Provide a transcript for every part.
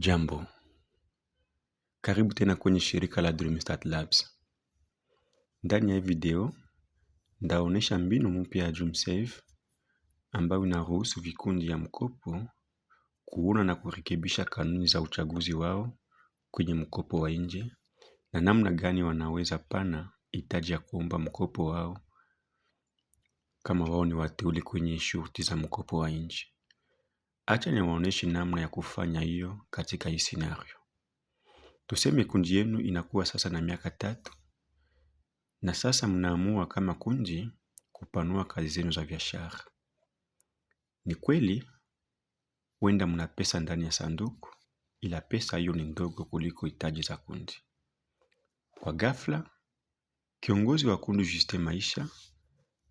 Jambo, karibu tena kwenye shirika la DreamStart Labs. Ndani ya hii video ndaonesha mbinu mpya ya DreamSave ambayo inaruhusu vikundi ya mkopo kuona na kurekebisha kanuni za uchaguzi wao kwenye mkopo wa nje na namna gani wanaweza pana hitaji ya kuomba mkopo wao kama wao ni wateule kwenye shughuli za mkopo wa nje. Acha niwaoneshe namna ya kufanya hiyo katika hii scenario. Tuseme kunji yenu inakuwa sasa na miaka tatu na sasa mnaamua kama kunji kupanua kazi zenu za biashara. Ni kweli huenda mna pesa ndani ya sanduku, ila pesa hiyo ni ndogo kuliko hitaji za kundi. Kwa ghafla, kiongozi wa kundi Juste Maisha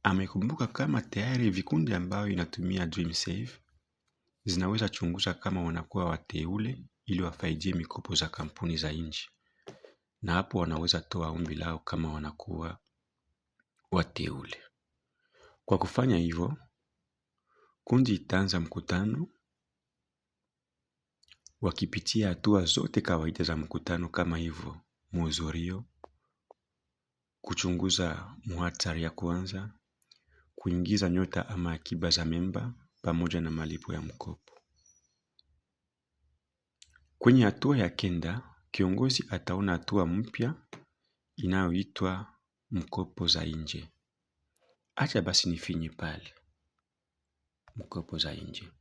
amekumbuka kama tayari vikundi ambayo inatumia Save zinaweza chunguza kama wanakuwa wateule ili wafaidie mikopo za kampuni za nje, na hapo wanaweza toa ombi lao kama wanakuwa wateule. Kwa kufanya hivyo, kundi itaanza mkutano wakipitia hatua zote kawaida za mkutano kama hivyo: muhudhurio, kuchunguza muhatari ya kwanza, kuingiza nyota ama akiba za memba pamoja na malipo ya mkopo. Kwenye hatua ya kenda, kiongozi ataona hatua mpya inayoitwa mkopo za nje. Acha basi nifinye pale mkopo za nje.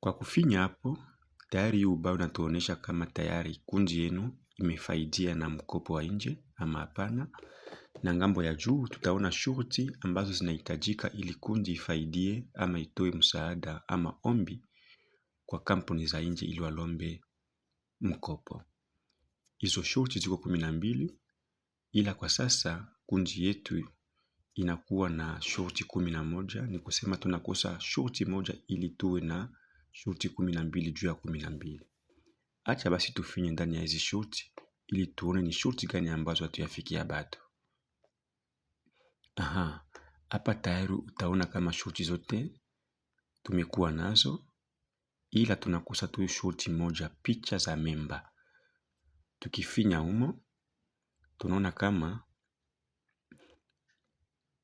Kwa kufinya hapo, tayari hii ubao natuonyesha kama tayari kundi yenu imefaidia na mkopo wa nje ama hapana na ngambo ya juu tutaona shurti ambazo zinahitajika ili kundi ifaidie ama itoe msaada ama ombi kwa kampuni za nje ili walombe mkopo. Hizo shurti ziko kumi na mbili ila kwa sasa kundi yetu inakuwa na shurti kumi na moja ni kusema tunakosa shurti moja ili tuwe na shurti kumi na mbili juu ya kumi na mbili. Acha basi tufinye ndani ya hizi shurti ili tuone ni shurti gani ambazo hatuyafikia bado. Aha, hapa tayari utaona kama shoti zote tumekuwa nazo ila tunakosa tu shoti moja, picha za memba. Tukifinya humo, tunaona kama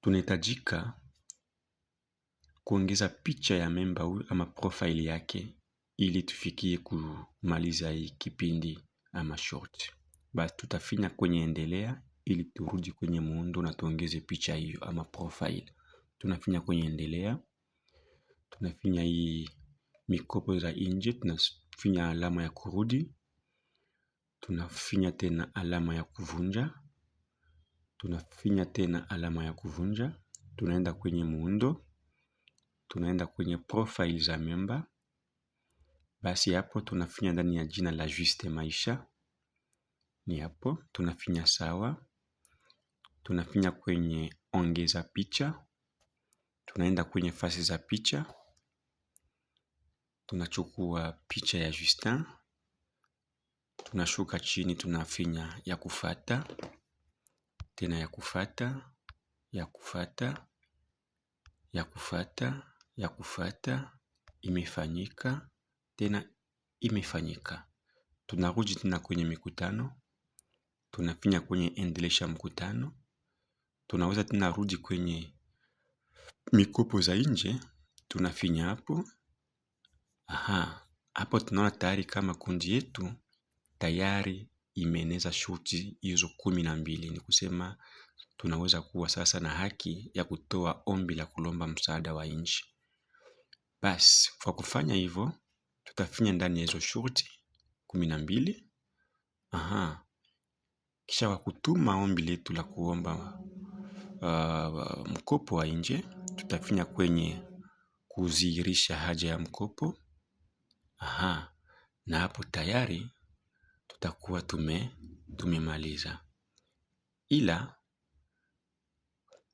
tunahitajika kuongeza picha ya memba huyu ama profile yake ili tufikie kumaliza hii kipindi ama short. Basi tutafinya kwenye endelea ili turudi kwenye muundo na tuongeze picha hiyo ama profile. Tunafinya kwenye endelea. Tunafinya hii mikopo za nje. Tunafinya alama ya kurudi. Tunafinya tena alama ya kuvunja. Tunafinya tena alama ya kuvunja. Tunaenda kwenye muundo. Tunaenda kwenye profile za memba. Basi hapo tunafinya ndani ya jina la Juste Maisha. Ni hapo tunafinya sawa tunafinya kwenye ongeza picha, tunaenda kwenye fasi za picha, tunachukua picha ya Justin, tunashuka chini, tunafinya ya kufata tena, ya kufata, ya kufata, ya kufata, ya kufata, imefanyika tena, imefanyika. Tunarudi tena kwenye mikutano, tunafinya kwenye endelesha mkutano tunaweza tena rudi kwenye mikopo za nje, tunafinya hapo. Aha, hapo tunaona tayari kama kundi yetu tayari imeeneza shuti hizo kumi na mbili. Ni kusema tunaweza kuwa sasa na haki ya kutoa ombi la kulomba msaada wa nchi. Basi kwa kufanya hivyo, tutafinya ndani ya hizo shuti kumi na mbili. Aha, kisha kwa kutuma ombi letu la kuomba uh, mkopo wa nje, tutafinya kwenye kudhihirisha haja ya mkopo. Aha, na hapo tayari tutakuwa tume tumemaliza, ila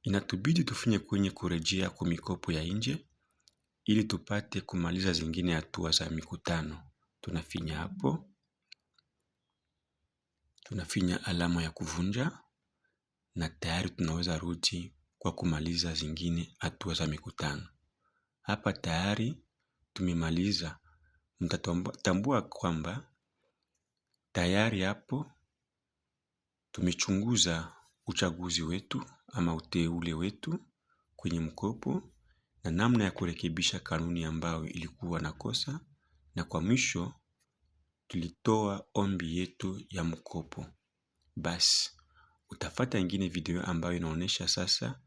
inatubidi tufinye kwenye kurejea kwa mikopo ya nje ili tupate kumaliza zingine hatua za mikutano. Tunafinya hapo, tunafinya alama ya kuvunja na tayari tunaweza ruti kwa kumaliza zingine hatua za mikutano. Hapa tayari tumemaliza mtatambua kwamba tayari hapo tumechunguza uchaguzi wetu ama uteule wetu kwenye mkopo na namna ya kurekebisha kanuni ambayo ilikuwa na kosa na kwa mwisho tulitoa ombi yetu ya mkopo. Basi Utafata ingine video ambayo inaonesha sasa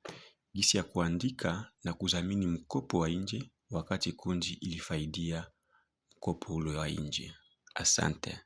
jinsi ya kuandika na kudhamini mkopo wa nje wakati kundi ilifaidia mkopo ule wa nje. Asante.